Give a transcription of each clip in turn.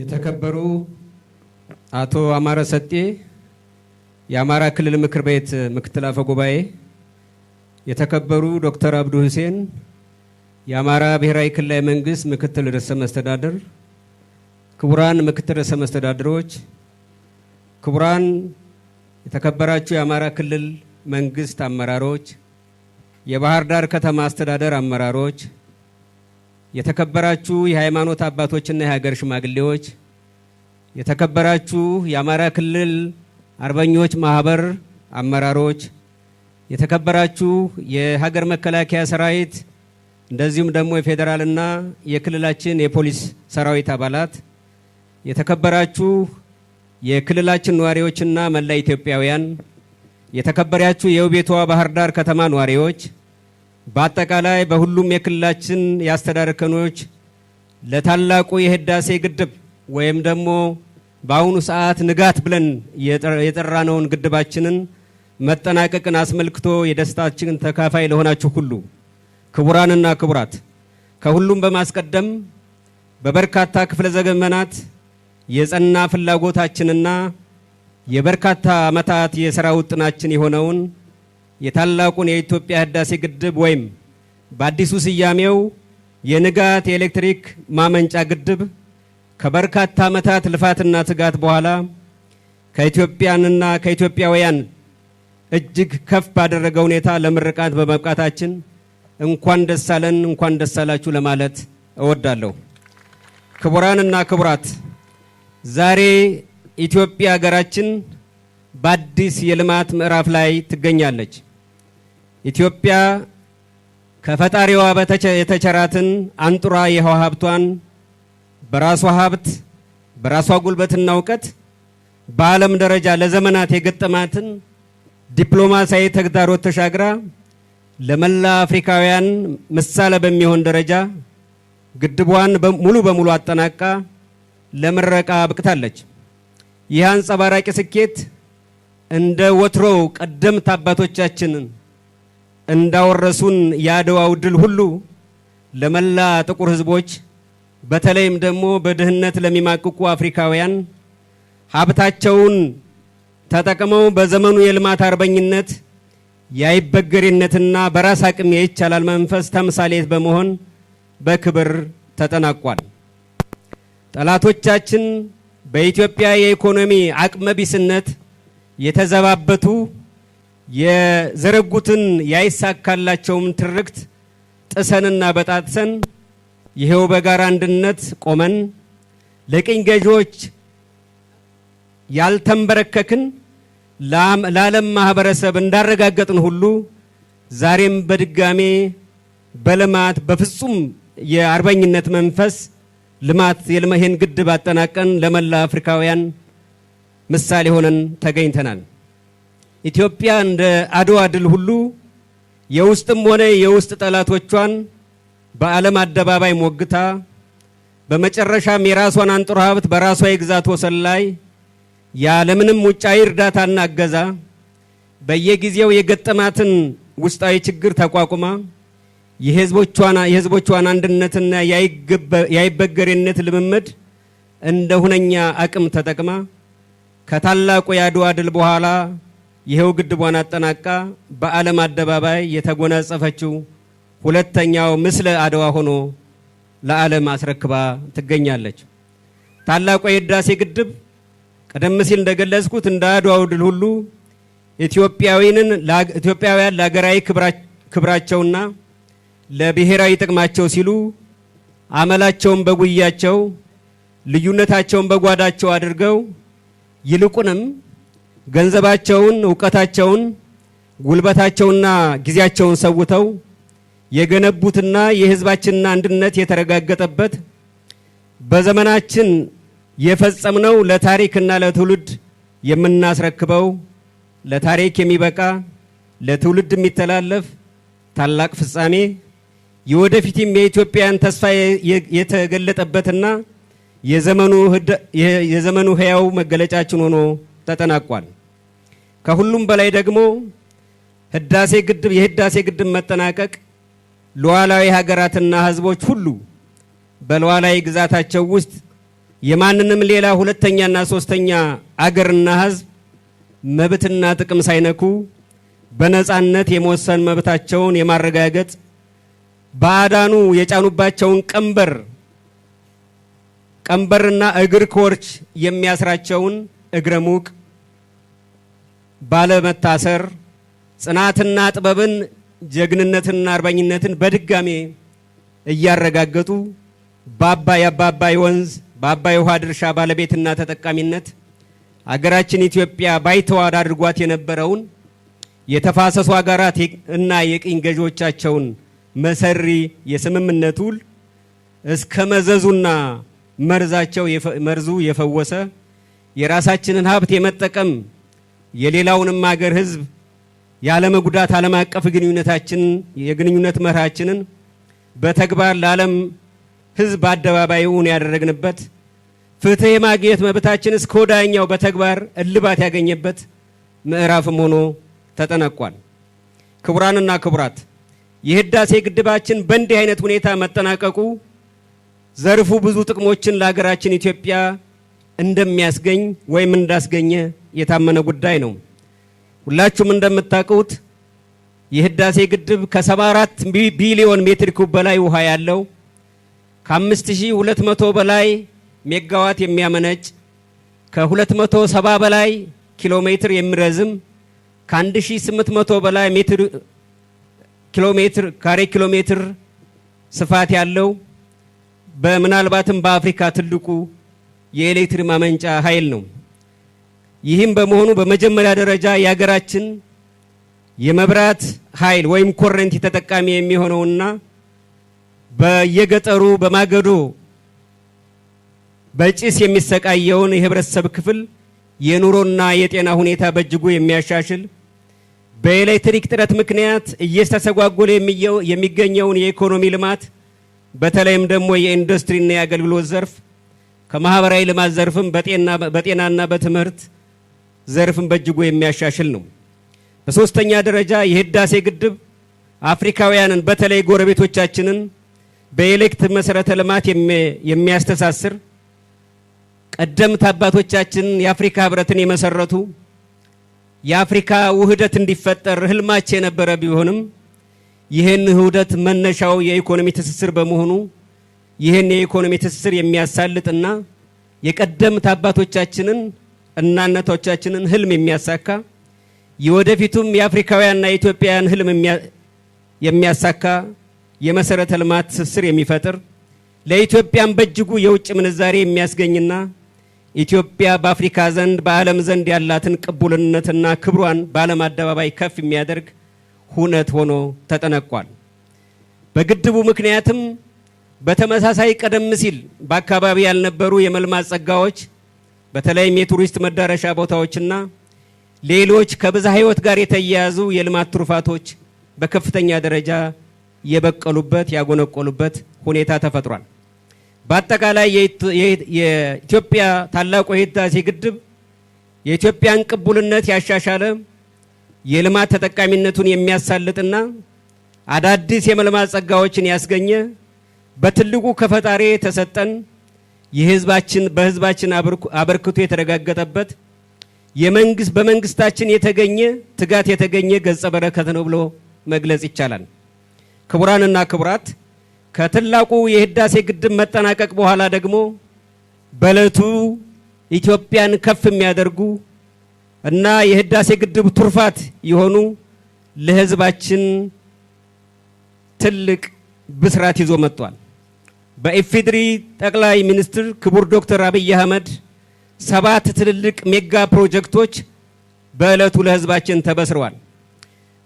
የተከበሩ አቶ አማረ ሰጤ የአማራ ክልል ምክር ቤት ምክትል አፈ ጉባኤ፣ የተከበሩ ዶክተር አብዱ ሁሴን የአማራ ብሔራዊ ክልላዊ መንግስት ምክትል ርዕሰ መስተዳድር፣ ክቡራን ምክትል ርዕሰ መስተዳድሮች፣ ክቡራን የተከበራችሁ የአማራ ክልል መንግስት አመራሮች፣ የባህር ዳር ከተማ አስተዳደር አመራሮች የተከበራችሁ የሃይማኖት አባቶችና የሀገር ሽማግሌዎች፣ የተከበራችሁ የአማራ ክልል አርበኞች ማህበር አመራሮች፣ የተከበራችሁ የሀገር መከላከያ ሰራዊት እንደዚሁም ደግሞ የፌዴራልና የክልላችን የፖሊስ ሰራዊት አባላት፣ የተከበራችሁ የክልላችን ነዋሪዎችና መላ ኢትዮጵያውያን፣ የተከበራችሁ የውቤቷ ባህር ዳር ከተማ ነዋሪዎች በአጠቃላይ በሁሉም የክልላችን የአስተዳደር እርከኖች ለታላቁ የህዳሴ ግድብ ወይም ደግሞ በአሁኑ ሰዓት ንጋት ብለን የጠራነውን ግድባችንን መጠናቀቅን አስመልክቶ የደስታችን ተካፋይ ለሆናችሁ ሁሉ ክቡራንና ክቡራት፣ ከሁሉም በማስቀደም በበርካታ ክፍለ ዘመናት የጸና ፍላጎታችንና የበርካታ ዓመታት የሥራ ውጥናችን የሆነውን የታላቁን የኢትዮጵያ ህዳሴ ግድብ ወይም በአዲሱ ስያሜው የንጋት የኤሌክትሪክ ማመንጫ ግድብ ከበርካታ ዓመታት ልፋትና ትጋት በኋላ ከኢትዮጵያንና ከኢትዮጵያውያን እጅግ ከፍ ባደረገ ሁኔታ ለምርቃት በመብቃታችን እንኳን ደስ እንኳን ደስ ለማለት እወዳለሁ። ክቡራንና ክቡራት፣ ዛሬ ኢትዮጵያ ሀገራችን በአዲስ የልማት ምዕራፍ ላይ ትገኛለች። ኢትዮጵያ ከፈጣሪዋ የተቸራትን አንጡራ የውሃ ሀብቷን በራሷ ሀብት በራሷ ጉልበትና እውቀት በዓለም ደረጃ ለዘመናት የገጠማትን ዲፕሎማሲያዊ ተግዳሮት ተሻግራ ለመላ አፍሪካውያን ምሳሌ በሚሆን ደረጃ ግድቧን ሙሉ በሙሉ አጠናቃ ለምረቃ አብቅታለች። ይህ አንጸባራቂ ስኬት እንደ ወትሮው ቀደምት አባቶቻችንን እንዳወረሱን የአድዋው ድል ሁሉ ለመላ ጥቁር ህዝቦች በተለይም ደግሞ በድህነት ለሚማቅቁ አፍሪካውያን ሀብታቸውን ተጠቅመው በዘመኑ የልማት አርበኝነት የአይበገሬነትና በራስ አቅም የይቻላል መንፈስ ተምሳሌት በመሆን በክብር ተጠናቋል። ጠላቶቻችን በኢትዮጵያ የኢኮኖሚ አቅመ ቢስነት የተዘባበቱ የዘረጉትን ያይሳካላቸውም ትርክት ጥሰንና በጣጥሰን ይሄው በጋራ አንድነት ቆመን ለቅኝ ገዢዎች ያልተንበረከክን ለዓለም ማህበረሰብ እንዳረጋገጥን ሁሉ ዛሬም በድጋሜ በልማት በፍጹም የአርበኝነት መንፈስ ልማት ይህን ግድብ አጠናቀን ለመላ አፍሪካውያን ምሳሌ ሆነን ተገኝተናል። ኢትዮጵያ እንደ አድዋ ድል ሁሉ የውስጥም ሆነ የውስጥ ጠላቶቿን በዓለም አደባባይ ሞግታ በመጨረሻም የራሷን አንጥሮ ሀብት በራሷ የግዛት ወሰን ላይ ያለምንም ውጫዊ እርዳታና እገዛ በየጊዜው የገጠማትን ውስጣዊ ችግር ተቋቁማ የህዝቦቿን አንድነትና ያይበገሬነት ልምምድ እንደ ሁነኛ አቅም ተጠቅማ ከታላቁ የአድዋ ድል በኋላ ይኸው ግድቧን አጠናቃ በዓለም አደባባይ የተጎናጸፈችው ሁለተኛው ምስለ አድዋ ሆኖ ለዓለም አስረክባ ትገኛለች። ታላቋ የህዳሴ ግድብ ቀደም ሲል እንደገለጽኩት እንደ አድዋው ድል ሁሉ ኢትዮጵያውያን ለሀገራዊ ክብራቸውና ለብሔራዊ ጥቅማቸው ሲሉ አመላቸውን በጉያቸው ልዩነታቸውን በጓዳቸው አድርገው ይልቁንም ገንዘባቸውን፣ እውቀታቸውን፣ ጉልበታቸውና ጊዜያቸውን ሰውተው የገነቡትና የህዝባችንና አንድነት የተረጋገጠበት በዘመናችን የፈጸምነው ለታሪክና ለትውልድ የምናስረክበው ለታሪክ የሚበቃ ለትውልድ የሚተላለፍ ታላቅ ፍጻሜ የወደፊትም የኢትዮጵያን ተስፋ የተገለጠበትና የዘመኑ ህያው መገለጫችን ሆኖ ተጠናቋል። ከሁሉም በላይ ደግሞ ህዳሴ ግድብ የህዳሴ ግድብ መጠናቀቅ ሉዓላዊ ሀገራትና ህዝቦች ሁሉ በሉዓላዊ ግዛታቸው ውስጥ የማንንም ሌላ ሁለተኛና ሶስተኛ አገርና ህዝብ መብትና ጥቅም ሳይነኩ በነፃነት የመወሰን መብታቸውን የማረጋገጥ በአዳኑ የጫኑባቸውን ቀንበር ቀንበርና እግር ኮርች የሚያስራቸውን እግረ ሙቅ ባለመታሰር ጽናትና ጥበብን ጀግንነትንና አርበኝነትን በድጋሜ እያረጋገጡ በአባይ አባይ ወንዝ በአባይ ውሃ ድርሻ ባለቤትና ተጠቃሚነት አገራችን ኢትዮጵያ ባይተዋር አድርጓት የነበረውን የተፋሰሱ አገራት እና የቅኝ ገዢዎቻቸውን መሰሪ የስምምነት ውል እስከ መዘዙና መርዛቸው መርዙ የፈወሰ የራሳችንን ሀብት የመጠቀም የሌላውንም አገር ህዝብ ያለመጉዳት ዓለም አቀፍ ግንኙነታችን የግንኙነት መርሃችንን በተግባር ለዓለም ህዝብ አደባባይ እውን ያደረግንበት ፍትህ የማግኘት መብታችን እስከ ወዳኛው በተግባር እልባት ያገኘበት ምዕራፍም ሆኖ ተጠናቋል። ክቡራንና ክቡራት፣ የህዳሴ ግድባችን በእንዲህ አይነት ሁኔታ መጠናቀቁ ዘርፉ ብዙ ጥቅሞችን ለሀገራችን ኢትዮጵያ እንደሚያስገኝ ወይም እንዳስገኘ የታመነ ጉዳይ ነው። ሁላችሁም እንደምታውቁት የህዳሴ ግድብ ከ74 ቢሊዮን ሜትር ኩብ በላይ ውሃ ያለው ከ5200 በላይ ሜጋዋት የሚያመነጭ ከ270 በላይ ኪሎ ሜትር የሚረዝም ከ1800 በላይ ሜትር ኪሎ ሜትር ካሬ ኪሎ ሜትር ስፋት ያለው በምናልባትም በአፍሪካ ትልቁ የኤሌክትሪክ ማመንጫ ኃይል ነው። ይህም በመሆኑ በመጀመሪያ ደረጃ የሀገራችን የመብራት ኃይል ወይም ኮረንቲ ተጠቃሚ የሚሆነውና በየገጠሩ በማገዶ በጭስ የሚሰቃየውን የህብረተሰብ ክፍል የኑሮና የጤና ሁኔታ በእጅጉ የሚያሻሽል በኤሌክትሪክ ጥረት ምክንያት እየተስተጓጎለ የሚገኘውን የኢኮኖሚ ልማት በተለይም ደግሞ የኢንዱስትሪና የአገልግሎት ዘርፍ ከማህበራዊ ልማት ዘርፍም በጤናና በትምህርት ዘርፍም በእጅጉ የሚያሻሽል ነው። በሶስተኛ ደረጃ የህዳሴ ግድብ አፍሪካውያንን በተለይ ጎረቤቶቻችንን በኤሌክት መሰረተ ልማት የሚያስተሳስር ቀደምት አባቶቻችን የአፍሪካ ህብረትን የመሰረቱ የአፍሪካ ውህደት እንዲፈጠር ህልማቸው የነበረ ቢሆንም ይህን ውህደት መነሻው የኢኮኖሚ ትስስር በመሆኑ ይህን የኢኮኖሚ ትስስር የሚያሳልጥና የቀደምት አባቶቻችንን እናነቶቻችንን ህልም የሚያሳካ የወደፊቱም የአፍሪካውያንና የኢትዮጵያውያን ህልም የሚያሳካ የመሰረተ ልማት ትስስር የሚፈጥር ለኢትዮጵያም በእጅጉ የውጭ ምንዛሬ የሚያስገኝና ኢትዮጵያ በአፍሪካ ዘንድ በዓለም ዘንድ ያላትን ቅቡልነትና ክብሯን በዓለም አደባባይ ከፍ የሚያደርግ ሁነት ሆኖ ተጠነቋል። በግድቡ ምክንያትም በተመሳሳይ ቀደም ሲል በአካባቢ ያልነበሩ የመልማት ጸጋዎች በተለይም የቱሪስት መዳረሻ ቦታዎችና ሌሎች ከብዝሃ ሕይወት ጋር የተያያዙ የልማት ትሩፋቶች በከፍተኛ ደረጃ የበቀሉበት ያጎነቆሉበት ሁኔታ ተፈጥሯል። በአጠቃላይ የኢትዮጵያ ታላቁ የሕዳሴ ግድብ የኢትዮጵያን ቅቡልነት ያሻሻለ የልማት ተጠቃሚነቱን የሚያሳልጥና አዳዲስ የመልማት ጸጋዎችን ያስገኘ በትልቁ ከፈጣሪ የተሰጠን የህዝባችን በህዝባችን አበርክቶ የተረጋገጠበት የመንግስት በመንግስታችን የተገኘ ትጋት የተገኘ ገጸ በረከት ነው ብሎ መግለጽ ይቻላል። ክቡራንና ክቡራት ከትላቁ የህዳሴ ግድብ መጠናቀቅ በኋላ ደግሞ በእለቱ ኢትዮጵያን ከፍ የሚያደርጉ እና የህዳሴ ግድብ ቱርፋት የሆኑ ለህዝባችን ትልቅ ብስራት ይዞ መጥቷል። በኢፌድሪ ጠቅላይ ሚኒስትር ክቡር ዶክተር አብይ አህመድ ሰባት ትልልቅ ሜጋ ፕሮጀክቶች በዕለቱ ለህዝባችን ተበስረዋል።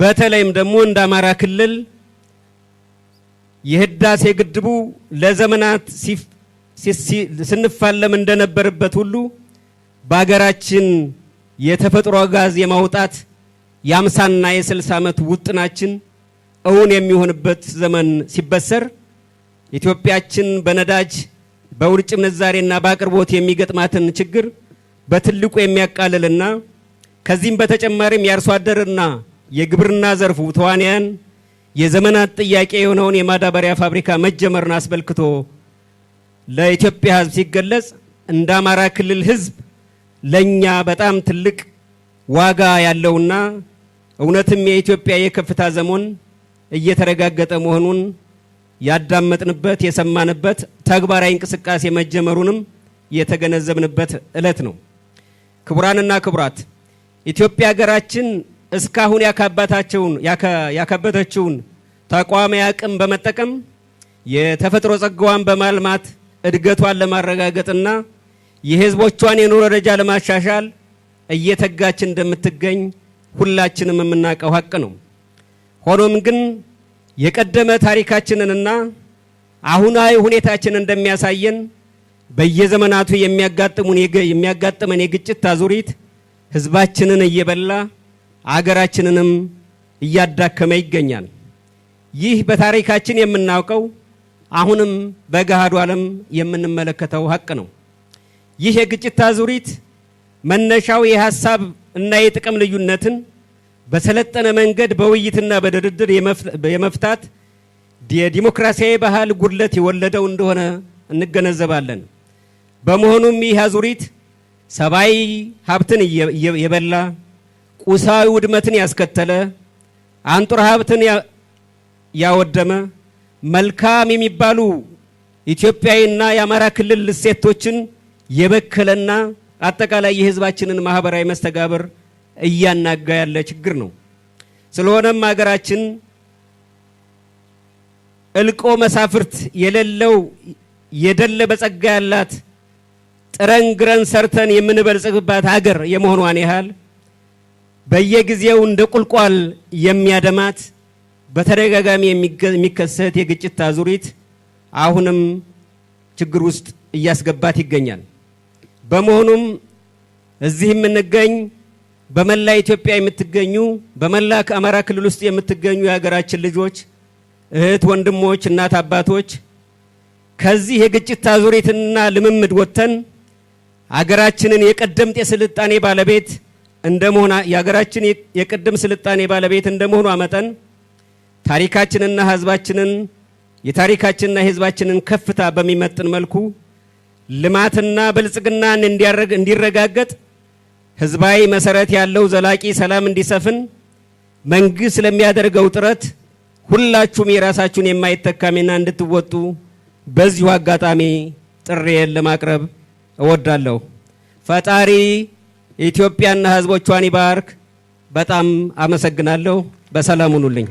በተለይም ደግሞ እንደ አማራ ክልል የህዳሴ ግድቡ ለዘመናት ስንፋለም እንደነበረበት ሁሉ በሀገራችን የተፈጥሮ ጋዝ የማውጣት የአምሳና የስልሳ ዓመት ውጥናችን እውን የሚሆንበት ዘመን ሲበሰር ኢትዮጵያችን በነዳጅ በውርጭ ምንዛሬና በአቅርቦት የሚገጥማትን ችግር በትልቁ የሚያቃልልና ከዚህም በተጨማሪም የአርሶ አደርና የግብርና ዘርፉ ተዋንያን የዘመናት ጥያቄ የሆነውን የማዳበሪያ ፋብሪካ መጀመርን አስመልክቶ ለኢትዮጵያ ሕዝብ ሲገለጽ እንደ አማራ ክልል ሕዝብ ለእኛ በጣም ትልቅ ዋጋ ያለውና እውነትም የኢትዮጵያ የከፍታ ዘመን እየተረጋገጠ መሆኑን ያዳመጥንበት የሰማንበት ተግባራዊ እንቅስቃሴ መጀመሩንም የተገነዘብንበት ዕለት ነው። ክቡራንና ክቡራት ኢትዮጵያ ሀገራችን እስካሁን ያካባታቸውን ያከበተችውን ተቋሚ አቅም በመጠቀም የተፈጥሮ ጸጋዋን በማልማት እድገቷን ለማረጋገጥና የሕዝቦቿን የኑሮ ደረጃ ለማሻሻል እየተጋች እንደምትገኝ ሁላችንም የምናውቀው ሀቅ ነው። ሆኖም ግን የቀደመ ታሪካችንንና አሁናዊ ሁኔታችን እንደሚያሳየን በየዘመናቱ የሚያጋጥመን የግጭት አዙሪት ህዝባችንን እየበላ አገራችንንም እያዳከመ ይገኛል። ይህ በታሪካችን የምናውቀው አሁንም በገሃዱ ዓለም የምንመለከተው ሀቅ ነው። ይህ የግጭት አዙሪት መነሻው የሀሳብ እና የጥቅም ልዩነትን በሰለጠነ መንገድ በውይይትና በድርድር የመፍታት የዲሞክራሲያዊ ባህል ጉድለት የወለደው እንደሆነ እንገነዘባለን። በመሆኑም ይህ አዙሪት ሰብአዊ ሀብትን የበላ ቁሳዊ ውድመትን ያስከተለ አንጡራ ሀብትን ያወደመ መልካም የሚባሉ ኢትዮጵያዊና የአማራ ክልል እሴቶችን የበከለና አጠቃላይ የሕዝባችንን ማህበራዊ መስተጋብር እያናጋ ያለ ችግር ነው። ስለሆነም ሀገራችን እልቆ መሳፍርት የሌለው የደለ በጸጋ ያላት ጥረን ግረን ሰርተን የምንበልጽግባት ሀገር የመሆኗን ያህል በየጊዜው እንደ ቁልቋል የሚያደማት በተደጋጋሚ የሚከሰት የግጭት አዙሪት አሁንም ችግር ውስጥ እያስገባት ይገኛል። በመሆኑም እዚህ የምንገኝ በመላ ኢትዮጵያ የምትገኙ በመላ አማራ ክልል ውስጥ የምትገኙ የሀገራችን ልጆች፣ እህት ወንድሞች፣ እናት አባቶች ከዚህ የግጭት አዙሪትና ልምምድ ወጥተን አገራችንን የቀደምት የስልጣኔ ባለቤት እንደመሆኗ የሀገራችን የቀደም ስልጣኔ ባለቤት እንደመሆኗ መጠን ታሪካችንና ህዝባችንን የታሪካችንና የህዝባችንን ከፍታ በሚመጥን መልኩ ልማትና ብልጽግናን እንዲረጋገጥ ህዝባዊ መሰረት ያለው ዘላቂ ሰላም እንዲሰፍን መንግስት ለሚያደርገው ጥረት ሁላችሁም የራሳችሁን የማይተካ ሚና እንድትወጡ በዚሁ አጋጣሚ ጥሪዬን ለማቅረብ እወዳለሁ። ፈጣሪ ኢትዮጵያና ህዝቦቿን ይባርክ። በጣም አመሰግናለሁ። በሰላም ሁኑልኝ።